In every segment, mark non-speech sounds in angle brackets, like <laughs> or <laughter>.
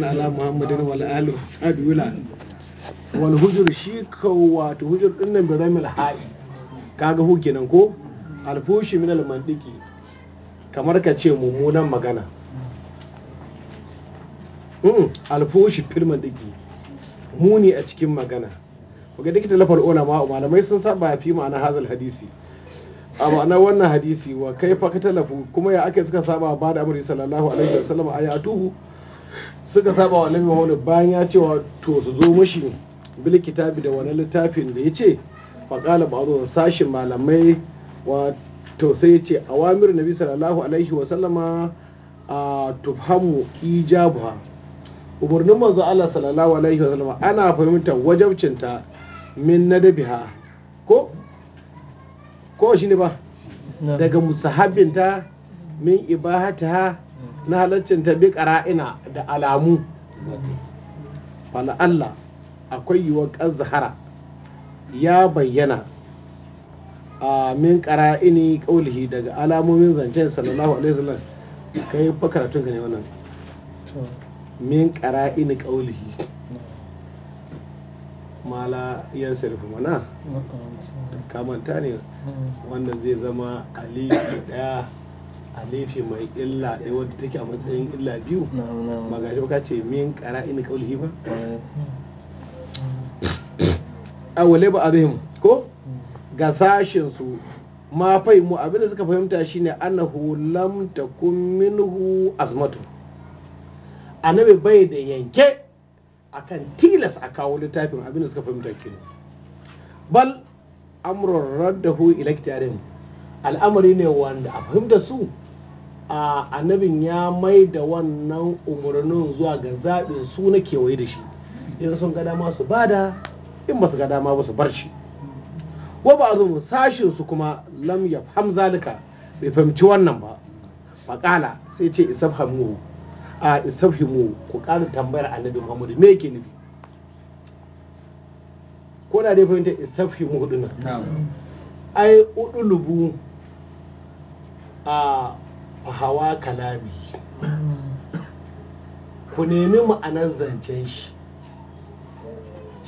sallallahu ala muhammadin wal ali sadula wal hujur shi ka wato hujur din nan biramil ha'i kaga hu nan ko alfushi min al mandiki kamar ka ce mummunan magana alfushi fil mandiki muni a cikin magana ga dikita lafar ma malamai sun saba fi ma'ana hazal hadisi a ma'anar wannan hadisi wa kai fa ka talafu kuma ya ake suka saba ba da amuri sallallahu alaihi wasallam ayatuhu suka saba wa nabi Muhammad bayan ya cewa to su zo mashi bil kitabi da wani littafin da ya ce faƙala ba zuwa sashin malamai wa to sai ya ce awamir nabi sallallahu alaihi wa sallama a tufhamu ijabuha umarnin manzo Allah sallallahu alaihi wa sallama ana fahimta wajabcinta min nadabiha ko ko shi ne ba daga musahabinta min ibahataha na halaccin ta bi ƙara'ina da alamu Allah akwai yiwuwar zahara. ya bayyana a min ƙara'ini ƙaulihi daga alamomin zancen sallallahu alaihi wasallam kai fa karatun ka ne wannan min ƙara'ini ƙaulihi mala yan sirfi mana kamanta ne mm. wanda zai zama aliki ɗaya a laifi mai illa ɗaya wadda take a matsayin illa biyu ba ga shauka ce min ƙara ina kaulihi ba eh. a wale ba abin ko hmm. ga sashen su ma mu abin da suka fahimta shine annahu lam takun minhu azmatu annabi bai da yanke akan tilas a kawo littafin abin da suka fahimta kenan bal amrun raddahu ila al'amari ne wanda a fahimta su a annabin ya mai da wannan umarnin zuwa ga zaɓin su na kewaye da shi in sun ga dama su bada in ba su ga dama ba su bar shi wa ba zo sashin su kuma lam ya zalika bai fahimci wannan ba faƙala sai ce isafhamu a isafhimu ku ƙara tambayar annabi muhammadu me yake nufi ko da dai fahimta isafhimu hudu nan ai udulubu a a hawa kalami hmm. ku nemi ma'anar zancen shi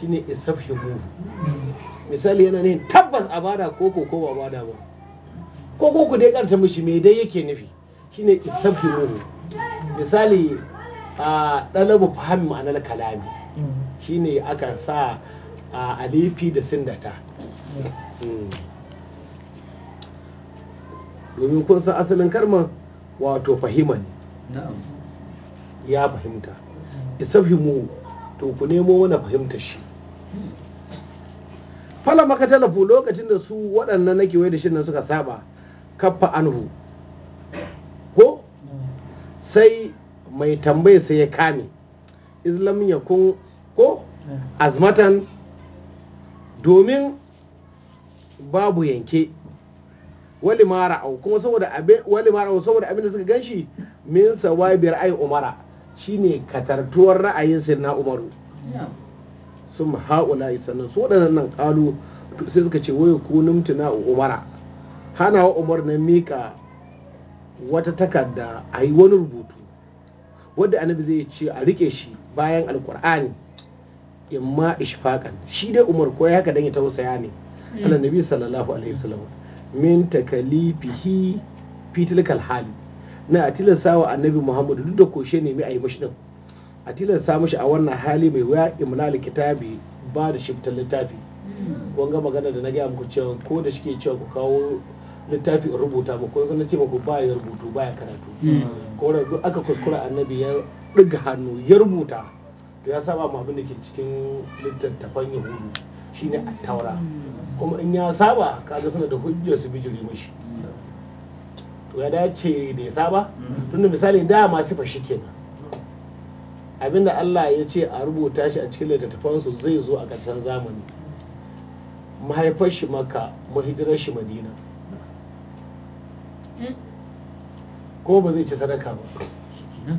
shine isafhimu hmm. misali yana ne tabbas a bada ko ko ko ba bada ba ko ko ku dai karta mishi me dai yake nufi shine isafhimu misali a ɗalabu fahim ma'anar kalami hmm. shine aka sa a alifi da sindata domin kun san asalin karman wato fahiman ya fahimta isa isafhimu to ku nemo wani fahimtar shi fala maka talafu lokacin da su waɗannan na kewaye da shi nan suka saba kaffa anhu ko sai mai tambaye sai ya kame islam ya kun ko azmatan domin babu yanke wali au, kuma saboda abin wali saboda abin da suka ganshi min sawabiyar ai umara shine katartuwar ra'ayin sirna umaru sun haula sannan su waɗannan nan kalu sai suka ce wai kunum tuna umara hana wa umar na mika wata takarda a yi wani rubutu wadda annabi zai ce a rike shi bayan alkur'ani ma ishfaqan shi dai umar ko ya haka dan ya tausaya ne hmm. annabi sallallahu alaihi wasallam min takalifihi fi tilkal hali na a tilasta wa annabi muhammadu duk da koshe ne mai a yi mashi din a tilasta mashi a wannan hali mai waya imlal kitabi ba da fitar littafi kun ga magana da na gaya muku cewa ko da shi ke cewa ku kawo littafi in rubuta ba ko na ce ku ba ya rubutu ba ya karatu ko da duk aka kuskura annabi ya ɗiga hannu ya rubuta to ya saba mu abin da ke cikin littattafan yahudu shine taura, kuma in ya saba kaga suna da hujjar su bijiri mishi to ya dace da ya saba tunda misali da masu fashi kenan abinda Allah ya ce a rubuta shi a cikin su zai zo a ƙarshen zamani mahaifar shi maka mahijirar shi madina ko ba zai ci sadaka ba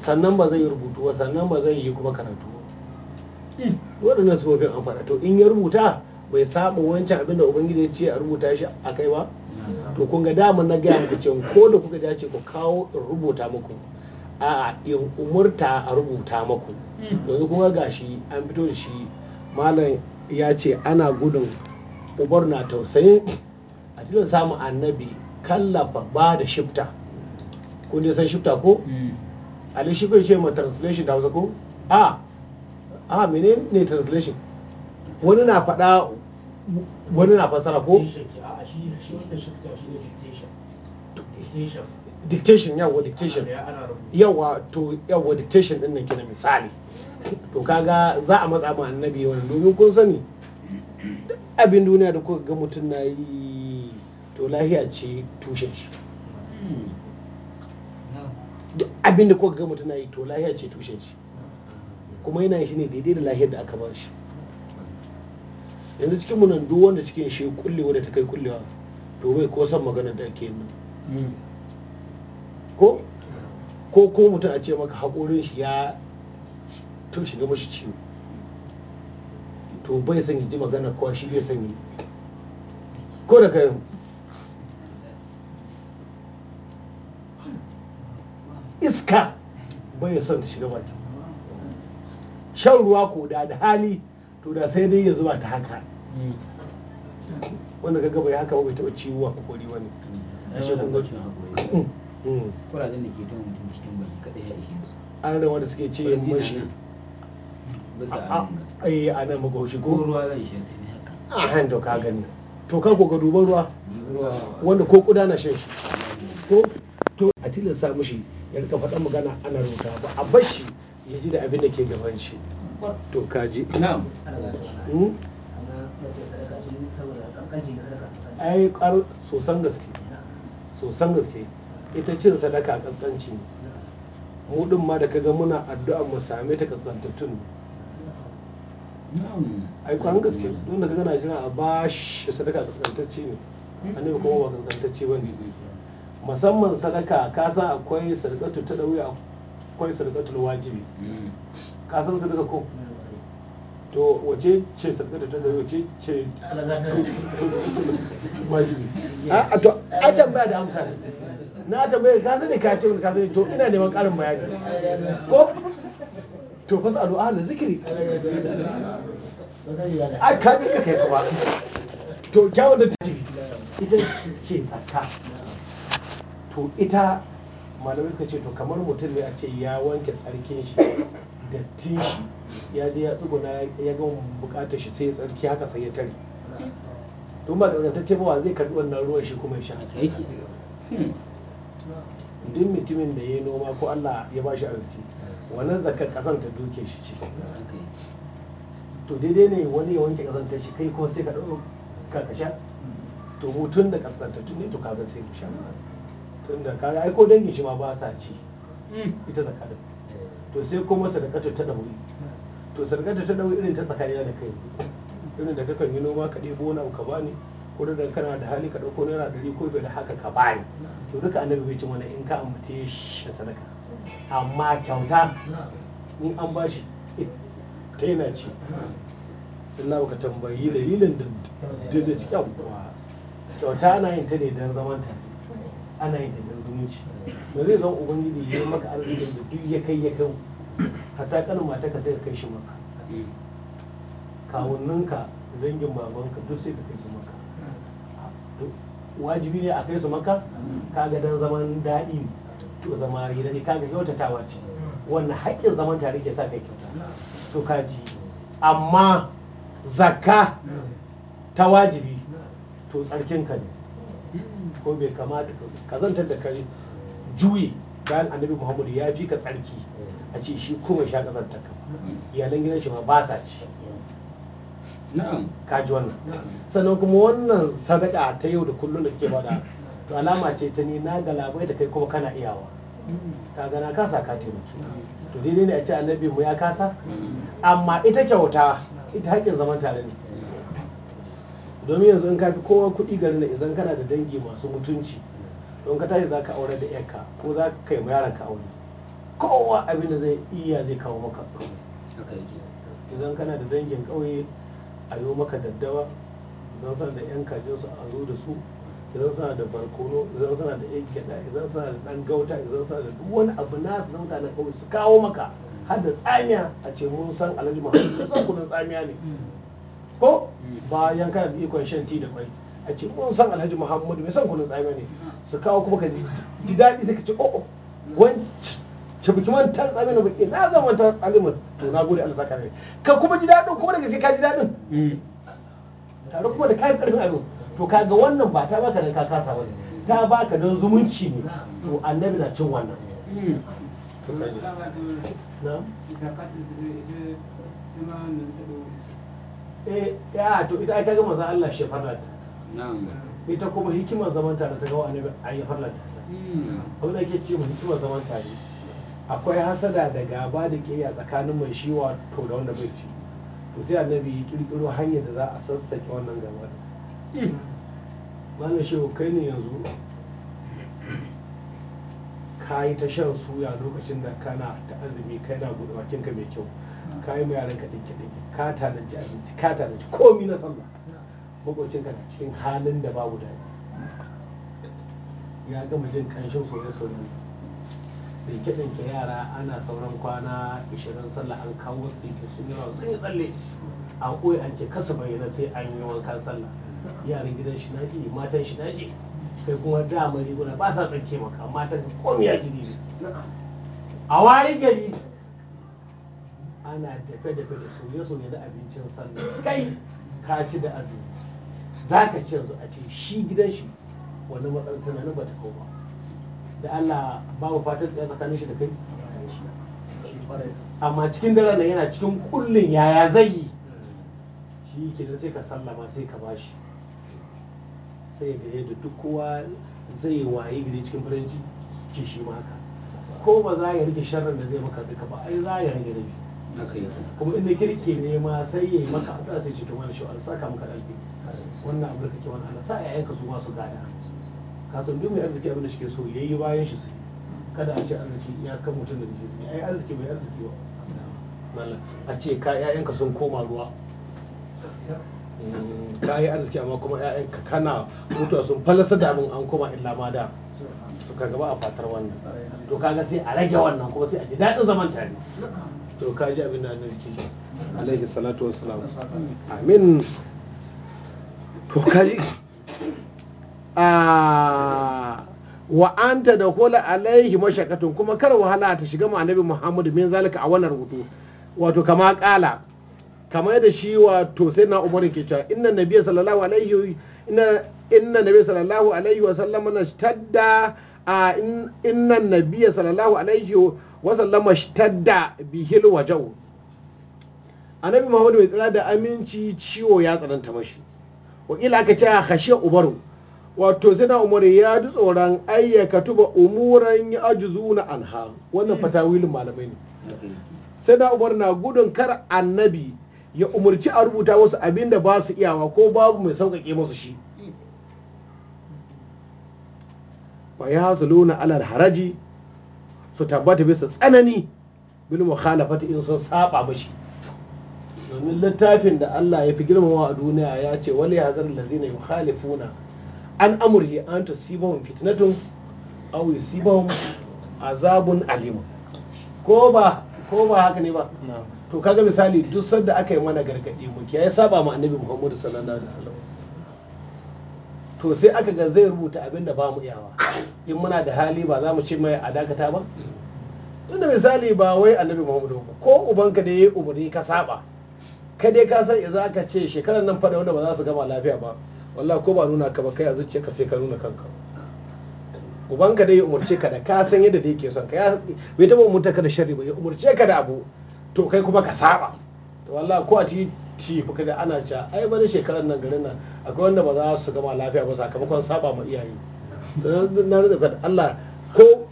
sannan ba zai rubutu ba sannan ba zai yi kuma karatu ba waɗannan sifofin mafi amfana to in ya rubuta bai saba wancan abin da ubangiji ya ce a rubuta shi a kai ba to kun ga dama na gaya muku cewa ko da kuka dace ku kawo in rubuta muku a in umurta a rubuta muku yanzu kuma gashi an fito da shi malam ya ce ana gudun ubar na tausayin a cikin samun annabi kallafa ba da shifta kun san shifta ko mm. ali shi kai ce ma translation da hausa ko a a mene ne translation wani na faɗa wani na fasara ko dictation yawa dictation yawa to yawa dictation din nan kina misali to kaga za a matsa ma annabi wani domin kun sani abin duniya da kuka ga mutum na yi to lahiya ce tushen shi hmm. duk abin da kuka ga mutum na yi to lahiya ce tushen shi kuma yana shi ne daidai da lahiyar da aka ba shi yanzu cikin mu nan duk wanda cikin shi kullewa da ta kai kullewa to bai ko san magana da ake nan ko ko ko mutum a ce maka haƙorin shi ya to shiga mashi ciwo to bai san ji magana ko shi bai san ko da kai bai son ta shiga baki shan ruwa ko da da hali to da sai dai ya zuba ta haka wanda ga gaba ya haka ba bai taɓa ciwo ko kori wani mm. ashe kun ga mm. kurajen da ke don mutum cikin baki kada ya ishe su an rawa da suke ce yin mashi ai a nan magoshi ko ruwa zan ishe su ne haka a han to ka gani to ka ko ga duban ruwa wanda ko kuda na shan shi ko to a tilasta mishi ya ka faɗa magana ana rubuta ba a bashi ya ji da abin da ke gaban shi to ka ji hmm? ai kar sosan gaske sosan gaske ita cin sadaka kaskanci ne mu din ma da kaga muna addu'a mu same ta kaskantattun ai kwan gaske don da kaga na jira a bashi sadaka kaskantacce ne annabi kuma ba kaskantacce bane musamman sadaka ka san akwai sadakatu ta dauya akwai sadakatu wajibi hmm. ka san sadaka ko to waje ce sadakatu ta dauya waje ce wajibi a <laughs> ah, to a tambaya da amsa na tambaya ka sani ka ce ka sani to ina neman karin bayani ko to sa du'a da zikiri a ka cika kai kuma to kyawun da ta ce ita ce tsaka to ita malamai suka ce to kamar mutum ne a ce ya wanke tsarkin shi da shi ya je ya tsuguna ya ga bukatar shi sai ya tsarki haka sai ya tare don ba ce ba zai karbi wannan ruwan shi kuma ya sha duk mutumin da ya yi noma ko Allah ya ba shi arziki wannan zakar kasan ta duke shi ce to daidai ne wani ya wanke kasan ta shi kai ko sai ka ɗau ka sha to hutun da ta ne to ka ga sai mu sha tunda kaga ai ko dangin shi ma ba sa ci mm. ita da din eh. to sai kuma sadakatu ta dawo to sadakatu ta dawo irin ta tsakanina da kai irin da kakan yi noma ka ɗebo wani ka bani ko da kana da hali ka ɗauko naira ɗari ko da haka ka bani to duka annabi bai ci wani in ka ambace shi sadaka amma kyauta in an ba shi ta yana ci ina ka tambayi dalilin da da kyauta ana yin ta ne don zaman tare ana yin da dan zumunci da zai zan ubangiji ya maka arzikin da duk ya kai ya kai hata kanin mata ka sai ka kai shi maka kawunninka dangin babanka duk sai ka kai su maka wajibi ne a kai su maka kaga dan zaman daɗi ne to zama gida ne kaga kyautatawa ce wannan haƙƙin zaman tare ke sa kai kyauta to kaji amma zakka ta wajibi to tsarkin ka ne ko bai kamata kazantar da kai juyi bayan annabi muhammad ya fi ka tsarki a ce shi kuma sha kazantar ka iyalan gidan shi ma ba sa ci ka ji wannan sannan kuma wannan sadaka ta yau da kullum da kake bada to alama ce ta ni na galabai da kai kuma kana iyawa ka gana kasa ka taimaki to daidai ne a ce annabi mu ya kasa mm. amma ita kyauta ita haƙƙin zaman tare ne domin yanzu in ka fi kowa kuɗi garin na idan kana da dangi masu mutunci don ka tashi za ka aure da yanka ko za ka kai yaran ka aure kowa abin da zai iya zai kawo maka idan kana da dangin ƙauye a yi maka daddawa idan sana da yan kajin su a zo da su idan sana da barkono idan sana da yan gyaɗa idan sana da ɗan gauta idan sana da duk wani abu na nasu na mutanen ƙauye su kawo maka har da tsamiya a ce mun san alhaji mahaifin san kudin tsamiya ne mm. ko bayan kana da ikon shan ti da kwai a ce mun san alhaji muhammadu mai san kunun tsamiya ne su kawo kuma ka ji daɗi sai ka ce o'o oh, oh, wancan biki man tan tsamiya na baki na zama ta alimar to na gode allah saka ne ka kuma ji daɗin kuma daga sai ka ji daɗin mm. tare kuma da kayan ƙarfin abin to kaga wannan ba ta baka don kaka kasa ta baka don zumunci ne to annabi na cin wannan mm. eh ya eh, to ita ai kaga manzon Allah shi farlata na'am ita kuma hikimar zaman tare ta gawa annabi ai ya ta hmm. abin da ce mu hikimar zaman tare akwai hasada da gaba da kiyaya tsakanin mai shi wato da wanda bai ci to sai annabi ya kirkiro hanyar da za a sassake wannan gaba hmm. malam shehu kai ne yanzu ka yi ta shan suya lokacin da kana ta azumi kai na buɗe bakinka mai kyau ka yi yaran ka ɗinke ɗinke ka tanaji abinci ka tanaji komi na sallah makwacin ka na cikin halin da babu da ya gama jin kanshin soyayya soyayya ɗinke ɗinke yara ana sauran kwana 20 sallah an kawo su ɗinke sun yi rawa sun yi tsalle a koyi an ce kasu bayyana sai an yi wankan sallah yaran gidan shi na matan shi na sai kuma dama riguna ba sa tsanke maka matan komi ya ji ne a wari gari ana dafe-dafe da soye-soye na abincin sallah <coughs> kai ka ci da azumi za ka ci yanzu a ce shi gidan shi wani matsalar na ba ta ba da Allah babu fatan tsaye tsakanin shi da kai amma cikin dare nan yana cikin kullun yaya zai yi shi da sai ka sallama sai ka bashi sai da yadda duk kowa zai waye gari cikin farin ciki shi maka ko ba za ya rike sharrin da zai maka duka ba ai za ya rage biyu. kuma inda girki ne ma sai ya yi maka a sai ce to wani shi saka maka ɗanfi wannan abu da kake wani ala sa yayan ka su ba su gada ka san duk mai arziki abin da shi so ya yi bayan shi su kada a ce arziki ya kan mutum da ke su ai arziki bai arziki ba a ce ka yayan ka sun koma ruwa mm, ka yi arziki amma kuma yayan ka kana mutuwa sun falasa da abin an koma illa ma da Suka gaba a fatar wannan to kaga sai a rage wannan kuma sai a ji daɗin zaman tare to ka ji abin da annabi ke alaihi salatu wassalam amin to ka ji a wa anta da kula alaihi mashakatun kuma kar wahala ta shiga mu annabi muhammad min zalika a wannan rubutu wato kama kala kamar da shi wato sai na umar ke cewa inna nabi sallallahu alaihi inna inna nabi sallallahu alaihi wa sallam na tadda a inna nabi sallallahu alaihi wa shtadda bihil wajau annabi muhammadu mai tsira da aminci ciwo ya tsananta mashi Waƙila aka ce khashiya ubaru wato zina umar ya ji tsoron ayyaka tuba umuran ya anha wannan hmm. fatawilin malamai ne sai na umar na gudun kar annabi ya umarci a rubuta wasu abin da ba su iyawa ko babu mai sauƙaƙe masu shi wa ya alal haraji su tabbata bisa tsanani bil mukhalafati in sun saba mashi domin littafin da Allah ya fi girmamawa a duniya ya ce wal hazar lazina yukhalifuna an amurhi an tusibahum fitnatun aw yusibahum azabun alim ko ba ko ba haka ne ba to kaga misali duk sanda aka yi mana gargadi mu kiyaye saba mu annabi Muhammad sallallahu alaihi wasallam to sai aka ga zai rubuta abin da ba mu iyawa in muna da hali ba za mu ce mai a dakata ba tunda misali ba wai annabi muhammadu ba ko ubanka da ya yi umarni ka saba Ka dai ka san idan aka ce shekarar nan fada wanda ba za su gama lafiya ba wallah ko ba nuna ka ba kai a zuciya ka sai ka nuna kanka ubanka da ya umarce ka da ka san yadda da yake son ka bai taba umarta ka da sharri ba ya umarce ka da abu to kai kuma ka saba to wallah ko a ci. ci fuka da ana ca ai bane shekarar nan garin nan akwai wanda ba za su gama lafiya ba sakamakon saba ma iyaye na da Allah ko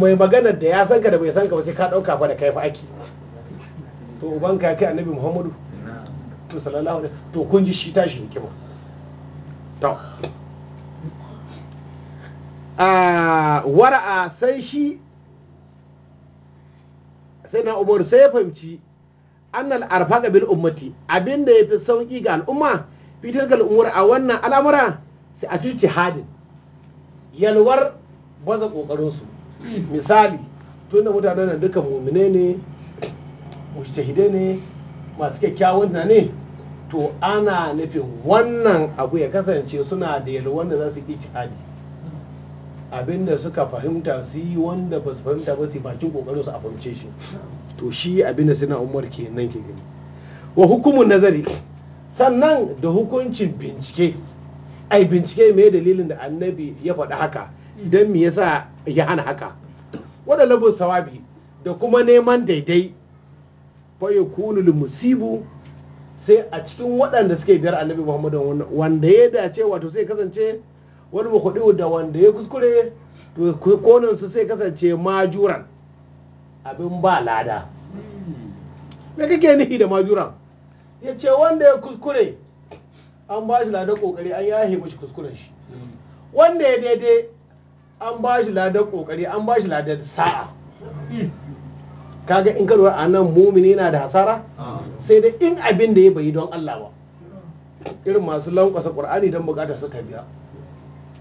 mai maganar da ya san ka da bai san ka ba sai ka dauka fa da kai fa aiki to uban ka kai annabi Muhammadu to sallallahu alaihi to kun ji shi tashi ba to a wara'a sai shi sai na umaru sai ya fahimci annal arfaqa bil ummati abinda yafi sauki ga al'umma fitar ga al'umma a wannan al'amura sai a ci jihadin yalwar baza kokarin su misali tun da mutanen nan duka mumine ne mujtahide ne masu kyakkyawan na ne to ana nufin wannan abu ya kasance suna da yalwar da za su yi jihadi abinda suka fahimta su yi wanda ba su fahimta ba su yi bakin kokarin su a fahimce shi to shi abinda suna umar ke nan ke gani wa hukumun nazari sannan da hukuncin bincike ai bincike mai dalilin da annabi ya faɗi haka don me yasa ya hana haka wadda labun sawabi da kuma neman daidai bayan kunul musibu sai a cikin waɗanda suke biyar annabi muhammadu wanda ya dace wato sai kasance wani makuɗi da wanda ya kuskure to konin sai kasance majuran abin ba lada me kake nihi da majura ya ce wanda ya kuskure an ba shi ladar kokari an yahe mashi kuskuren shi wanda ya daidai an ba shi ladar kokari an ba shi ladar sa'a kaga in ka a nan mumini yana da hasara sai dai in abin da ya bayi don Allah ba irin masu lankwasa Al-Qur'ani don bukatar su tafiya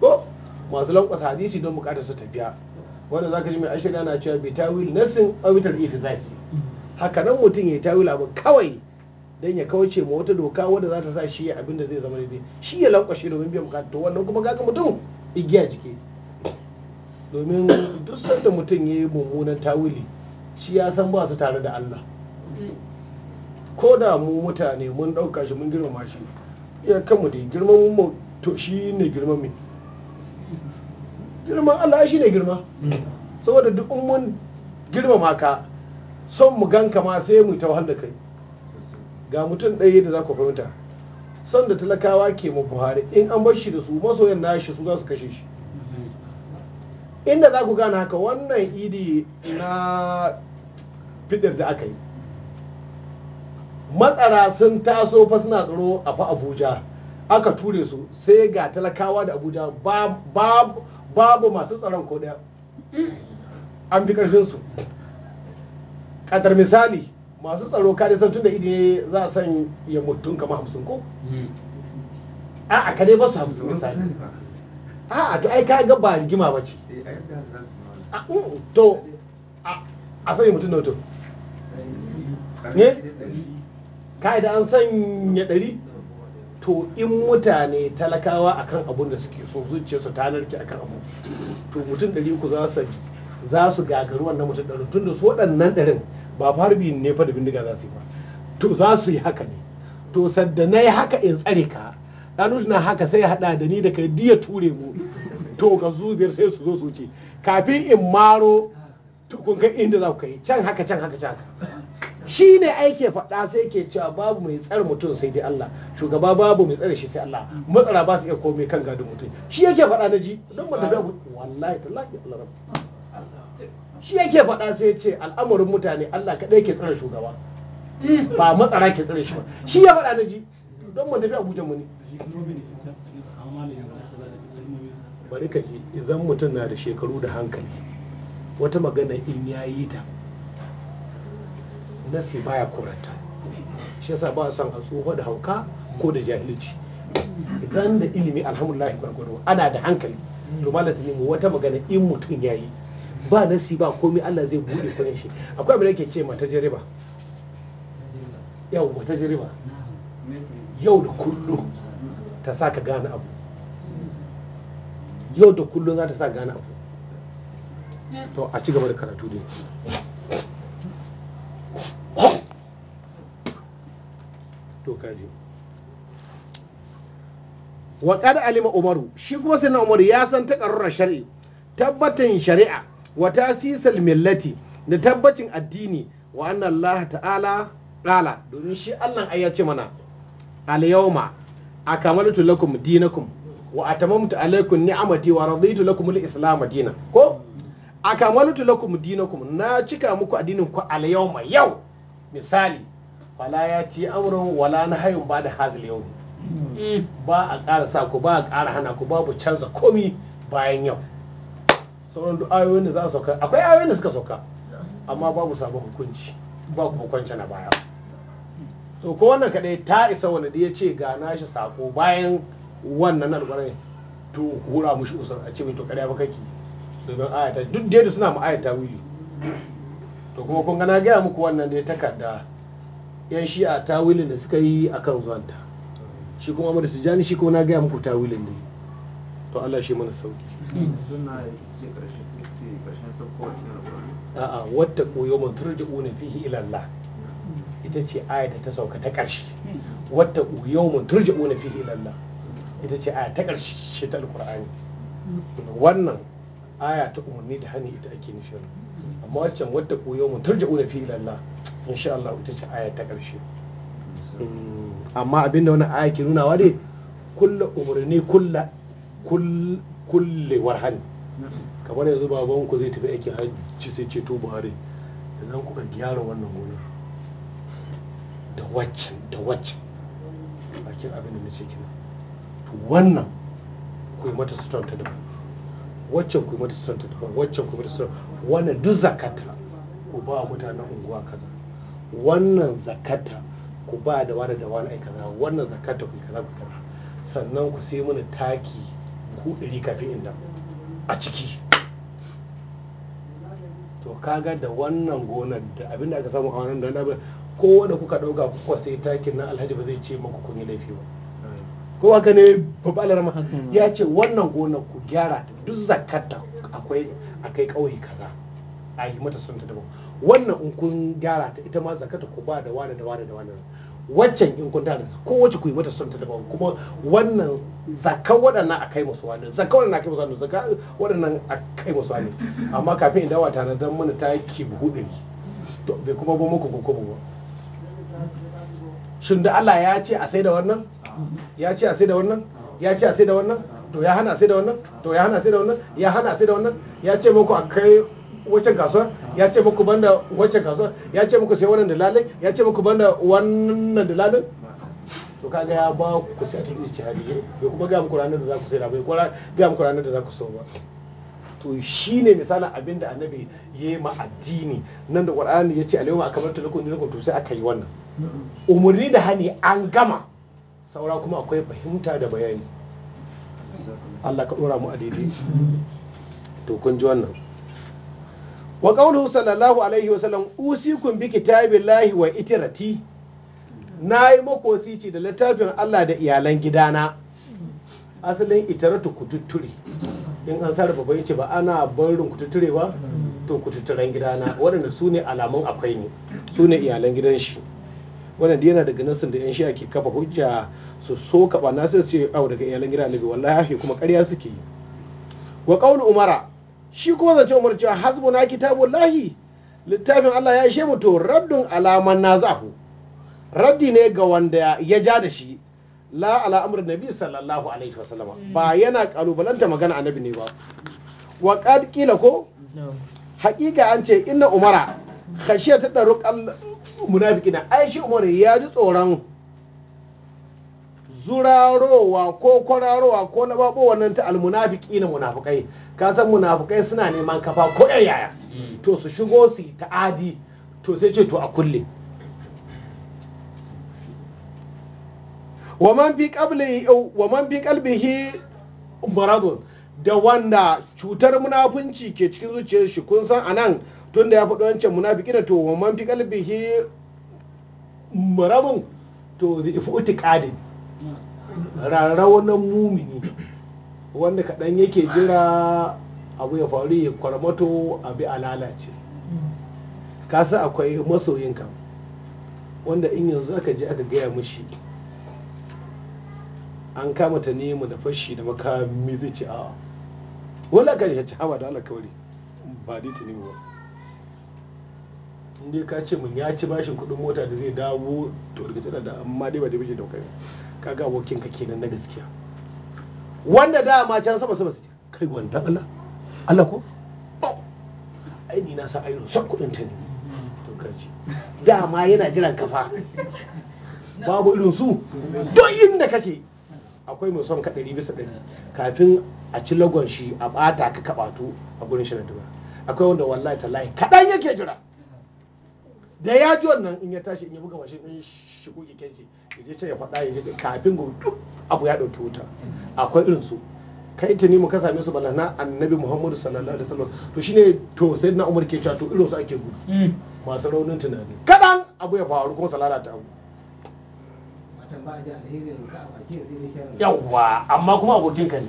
ko masu lankwasa hadisi don bukatar su tafiya wanda za ka ji mai ashirya na cewa bai tawil nasin sin bi zafi haka nan mutum ya yi tawil abu kawai dan ya kauce ma wata doka wanda za ta sa shi abin da zai zama daidai shi ya lankwashe domin biyan bukatu to wannan kuma kaga mutum igiya jike domin duk sanda mutum ya yi mummunan tawili shi ya san ba su tare da Allah ko da mu mutane mun ɗauka shi mun girmama shi ya mu da girman to shi ne girman girman Allah shi ne girma saboda duk mun girmama ka son mu ganka ma sai mu ta da kai ga mutum ɗaya da za ku fahimta son da talakawa ke ma buhari in an bar shi da su masoyan nashi su za su kashe shi inda za ku gane haka wannan idi na fitar da aka yi matsara sun taso fa suna tsaro a fa abuja aka ture su sai ga talakawa da abuja ba babu masu tsaron ko daya an fi karfin su kadar misali masu tsaro kare san tun da ide za a san ya mutum kama hamsin ko a a kare basu hamsin misali a a to aika ga ba rigima ba ce mm, to a sanya mutum na mutum ne ka da an sanya ɗari to in mutane talakawa akan abun da suke so zuciyarsu ta narke akan abu to mutum ɗari ku za su za wannan mutum ɗari tun da su waɗannan ɗarin ba farbi ne fa da bindiga za su yi ba to za su yi haka ne to sadda na yi haka in tsare ka ɗanu na haka sai haɗa da ni da kai diya ture mu to ga zubiyar sai su zo su ce kafin in maro tukun inda za ku kai can haka can haka can haka shi ne aike faɗa sai ke cewa babu mai tsare mutum sai dai Allah shugaba babu mai tsare shi sai Allah matsara ba su iya komai kan gadon mutum shi yake faɗa na ji don ba da wallahi tallahi Allah rabu shi yake faɗa sai ce al'amarin mutane Allah kaɗai ke tsare shugaba ba matsara ke tsare shi ba shi ya faɗa na ji don mu tafi Abuja mu ne bari ka ji idan mutum na da shekaru da hankali wata magana in ya yi ta nasi baya kuranta shi yasa ba son a tsoho da hauka ko da jahilci idan da ilimi alhamdulillah gwargwado ana da hankali to malatini mu wata magana in mutum yayi ba nasi ba komai Allah zai buɗe kuren shi akwai abin da yake ce mata jariba yau mata jariba yau da kullum ta sa ka gane abu yau da kullum za ta sa gane abu to a ci gaba da karatu dai to kaji wa alima umaru shi kuma sayyidina umaru ya san taqarrura shari'i tabbatin shari'a wa tasisal millati da tabbacin addini wa annan Allah ta'ala ɗala, domin shi Allah ai ya ce mana al a akamaltu lakum dinakum wa atamamtu alaykum ni'amati wa raditu lakum al-islam dina ko akamaltu lakum dinakum na cika muku addinin ku al yau misali fala ya ci amurin wala na hayun ba da hazil yau hmm. ba a ƙara sa ku ba a ƙara hana ku babu canza komi bayan yau sauran duk ayoyin da za a sauka akwai ayoyin da suka sauka amma babu sabon hukunci ba kuma kwanci na baya to ko wannan kadai ta isa wani da ya ce ga nashi sako bayan wannan alƙur'ani to hura mushi usar a ce mai to ƙarya ba kake domin ayata duk da suna mu ayata wuri to kuma kun gana gaya muku wannan ne takarda yan shi'a tawilin da suka yi a kan zuwanta shi kuma su tijjani shi kuma na gaya muku tawilin ne to Allah shi mana sauki a'a wata koyo man turja una fihi ila Allah ita ce aya da ta sauka ta ƙarshe wata koyo man turja una fihi ila Allah ita ce aya ta ƙarshe ce ta alƙur'ani wannan aya ta umarni da hani ita ake nufi amma wacce wata koyo man turja una fihi ila Allah insha Allah ita ce aya ta ƙarshe mm. Mm. amma abinda wani aya ke nunawa dai kulla umarni kulla kulle warhani kamar yanzu baban ku zai tafi aikin hajji sai ceto buhari idan kuka gyara wannan gonar da wacce da a bakin abin da nace kina to wannan ku yi mata sutanta ta daban waccan ku yi mata sutura ta wacce ku yi mata sutura wannan duk zakata ku ba mutanen unguwa kaza wannan zakata ku ba da wani da wani aika kaza wannan zakata ku kaza ku kaza sannan ku sai mana taki ku ɗari kafin inda a ciki to kaga da wannan gonar da abinda aka samu a wannan da wani ko wanda kuka ɗauka kuka sai takin nan alhaji ba zai ce maku kun yi laifi ba ko haka ne babbalar ma ya ce wannan gonar ku gyara duk zakata akwai akai ƙauye kaza a yi mata sunta daban wannan in kun gyara ta ita ma zakata ku ba da wani da wani da wani waccan in kun tana ko wacce ku yi mata son ta daban kuma wannan zakka waɗannan a kai musu wani zakka waɗannan a kai musu wani zakka waɗannan a kai musu wani amma kafin in dawa tana dan mana ta ki buhu ɗari to bai kuma ba muku ko kuma shin da Allah ya ce a sai da wannan ya ce a sai da wannan ya ce a sai da wannan to ya hana sai da wannan to ya hana sai da wannan ya hana sai da wannan ya ce muku a kai wacce kasuwar ya ce muku banda wacce kasuwar ya ce muku sai wannan dalalin ya ce muku banda wannan dalalin to kaga ya ba ku sai tun ijtihadi ya kuma ga muku ranar da za ku sai da bai kuma ga muku ranar da za ku so ba to shine misalin abin da annabi ya yi addini nan da qur'ani ya ce alayhi wa akmaltu lakum dinakum to sai aka yi wannan umarni da hani an gama saura kuma akwai fahimta da bayani Allah ka dora mu a daidai to kun ji wannan wa qawluhu sallallahu alaihi wasallam usikum bi kitabillahi wa itirati na yi makosici da littafin Allah da iyalan gidana asalin itaratu kututture in an sarrafa bai ce ba ana barin kututture ba to kututturen gidana waɗanda su ne alamun akwai ne su ne iyalan gidan shi waɗanda yana daga nasin da yan shi ake kafa hujja su so kaɓa na sai su au daga iyalan gidan annabi wallahi kuma ƙarya suke yi wa qaulu umara shi kuma zance umar cewa hasbuna kitabullahi littafin Allah ya ishe mutu raddun alaman ku. raddi ne ga wanda ya ja da shi la ala amr nabi sallallahu alaihi wasallam hmm. ba yana kalubalanta magana annabi ne ba wa qad ko haƙiƙa an ce inna umara kashe ta daru munafiqina ai shi umar ya ji tsoron zurarowa ko kwararowa ko na babo wannan ta almunafiqina munafiqai ka san munafukai suna neman kafa ko 'yan yaya hmm. to su shigo su yi ta'adi to sai ce to a kulle waman fi kalbihi maradun da wanda cutar munafunci ke cikin zuciyar shi kun san anan tunda ya faɗi wancan munafiki da to waman fi kalbihi maradun to zai fi utikadin hmm. rarrawa na mumini wanda kaɗan yake jira abu ya faru ya kwarmato abu a lalace kasa akwai masoyinka wanda in yanzu aka je aka gaya mushi an kama ta nemi da fashi da makami zai ce a wala ka shi hawa da Allah kawai ba da ta nemi ba inda ka ce mun ya ci bashin kuɗin mota da zai dawo to daga tsada da amma dai ba dai bai da kai kaga abokin ka kenan na gaskiya wanda dama can sama sama su kai wanda Allah Allah ko ai ni na sa ainihin sa kuɗin ta ne to karci dama yana jiran kafa babu irin su don inda kake akwai mai son ka ɗari bisa ɗari kafin a ci lagon shi a ɓata ka to a gurin shi na akwai wanda wallahi tallahi kaɗan yake jira da ya ji wannan in ya tashi in ya buga mashin in shigo keken shi ya je can ya faɗa ya je kafin gobe duk abu ya ɗauki wuta akwai irin su kai ta mu muka same su na annabi muhammadu sallallahu alaihi wasallam to shine to sai na umar ke cewa to irin su ake gudu hmm. masu raunin tunani kadan abu ya faru kuma salala ta abu yawwa amma kuma abokin ka ne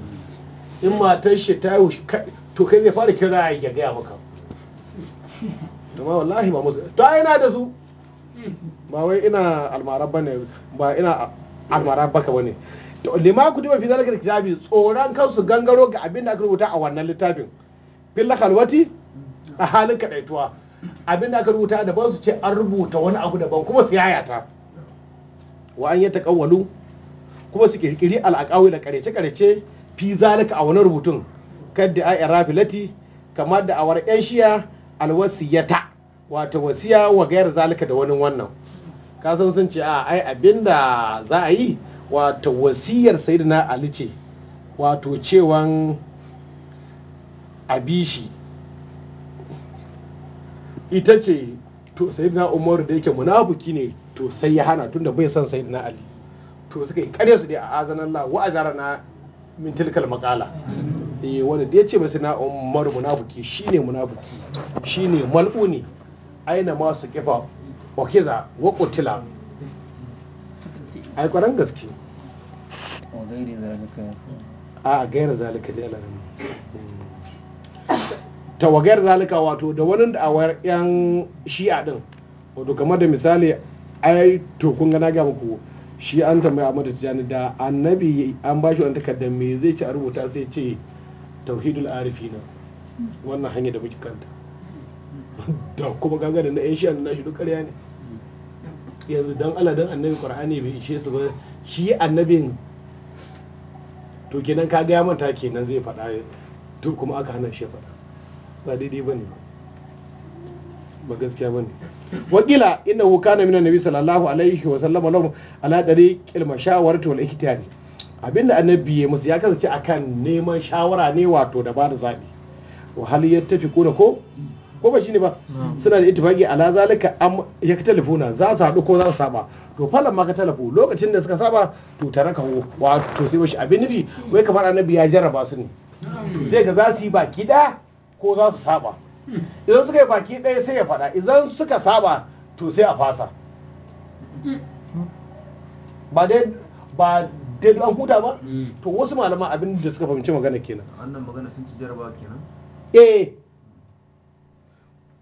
in matar shi ta yi to kai zai fara kira ya gaya maka <laughs> amma wallahi ba musu to ina da su ba wai ina almara bane ba ina almara baka bane to lima ku tuba fi zalika kitabi tsoran kansu gangaro ga abin da aka rubuta a wannan littafin fil khalwati a halin kadaituwa abin da aka rubuta da ban su ce an rubuta wani abu daban kuma su yayata wa an yi takawwalu kuma su kirkiri al'aqawi da karece karece fi zalika a wani rubutun kadda a irafilati kamar da awar yan shiya alwasiyata wato wasiya wa gayar zalika da wani wannan kasan sun ce a ai abinda za a yi wato wasiyar sayyidina ali ce wato cewan abishi ita ce to sayyidina umaru da yake munafuki ne to sai ya hana tunda bai son sayyidina ali to suka yi kare su dai a azanallah wa azarana na mintilkal makala eh wanda da yace masa na umaru munafuki shine munafuki shine mal'uni aina masu kifa okiza wa kutila ai kwaran gaske a gairar zalika da ta wagayar zalika wato da wani da da'awar yan shi'a din wato game da misali ai to kun gana ga muku shi an tambaya a mata tijani da annabi an bashi wani takardar me zai ci a rubuta sai ce tauhidul arifina wannan hanyar da muke kanta da kuma kaga na yan shi'a na shi duk ƙarya ne yanzu don Allah dan annabi qur'ani bai ishe su ba shi annabin to kenan ka ga manta kenan zai faɗa to kuma aka hana shi faɗa ba daidai ba ne ba gaskiya bane wakila innahu na minan nabi sallallahu alaihi wa sallam lahum ala tariqil mashawarati wal ikhtiyari abinda annabi ya musu ya kasance akan neman shawara ne wato da ba da zabi wa hal yattafiquna ko ko ba shine ba suna da ittifaqi ala zalika am yaktalifuna za su haɗu ko za su saba to falan ma ka talafu lokacin da suka saba to tare ka wa to sai bashi abin nufi wai kamar annabi ya jarraba su ne sai ga za su yi baki ɗaya ko za su saba idan suka yi baki ɗaya sai ya faɗa idan suka saba to sai a fasa ba dai ba dai an huta ba mm. to wasu malaman abin da suka fahimci magana kenan annan magana sun ci jarraba kenan eh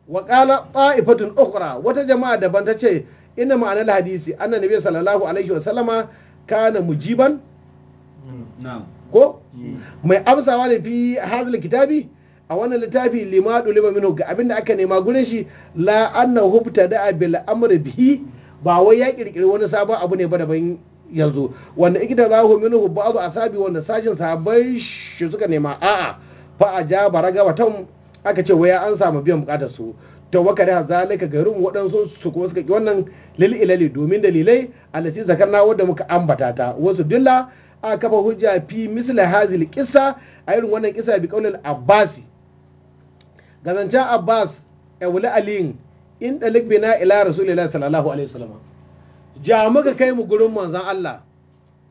wa qala ta'ifatun ukhra wata jama'a daban ta ce inna ma'anar hadisi anna nabi sallallahu alaihi wa sallama kana mujiban ko mm. mai amsawa ne fi hazil kitabi a wannan littafi lima dulima minhu ga abinda aka nema gurin shi la anna hubta da bil amri bihi ba wai ya kirkiri wani sabon abu ne ba daban yanzu wanda ikida za hu minhu ba'du asabi wanda sashin sahabbai shi suka nema a'a fa ajaba ragabatan aka ce waya an samu biyan bukatar su to waka da zalika garin waɗansu su kuma suka ki wannan lil'ilali domin dalilai allati zakarna wadda muka ambata ta wasu dilla a kafa hujja fi misla hazil kisa a irin wannan kisa bi kaulil abbasi gazancan abbas wuli aliyin in dalik bina ila rasulillahi sallallahu alaihi wasallam ja muka kai mu gurin manzon Allah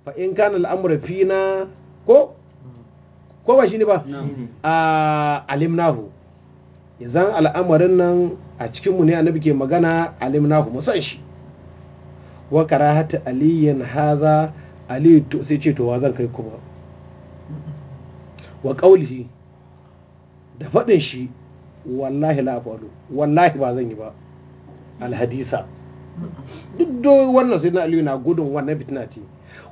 fa in kana al'amru fina ko ko ba shi ne ba a alimnahu izan al'amarin nan a cikinmu ne annabi ke magana alimna mu san shi wa karahatu aliyin haza ali sai ce to wa zan kai kuma wa qaulihi da faɗin shi wallahi la wallahi ba zan yi ba alhadisa duk do wannan sai na aliyu na gudun wannan fitina ce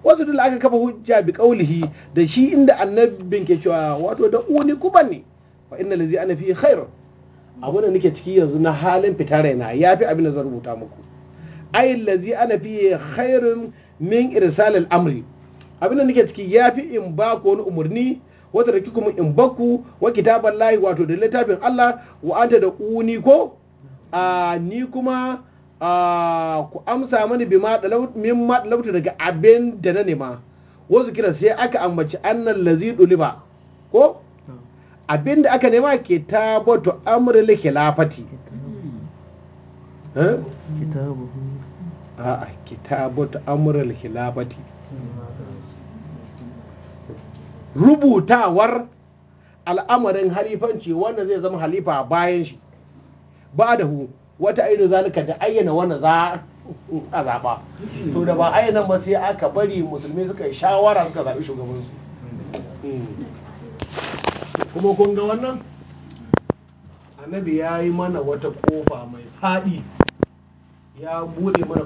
wasu dole aka kafa hujja bi qaulihi da shi inda annabin ke cewa wato da uni kuma ne fa innal lazi ana fi khairun abu da nake ciki yanzu na halin fita raina ya fi abin da zan rubuta muku ayin lazi ana fiye khairun min irsal amri. abin da nake ciki ya fi in ba ku wani umarni wata da kuma in ku wa kitaban layi wato da littafin Allah wa anta da uni ko a ni kuma a ku amsa mani bi ma dalautu daga abin da na nema wasu kira sai aka ambaci annan lazi ɗuliba ko abinda aka nema kitabatu amril khilafati rubutawar al'amarin halifanci wanda zai zama halifa bayan shi ba da hu wata ainihin zalika da ayyana wanda za a zaɓa to da ba ayyana ba sai aka bari musulmi suka yi shawara suka zaɓi shugabansu hmm. kuma kun ga wannan annabi ya yi mana wata kofa mai faɗi ya buɗe mana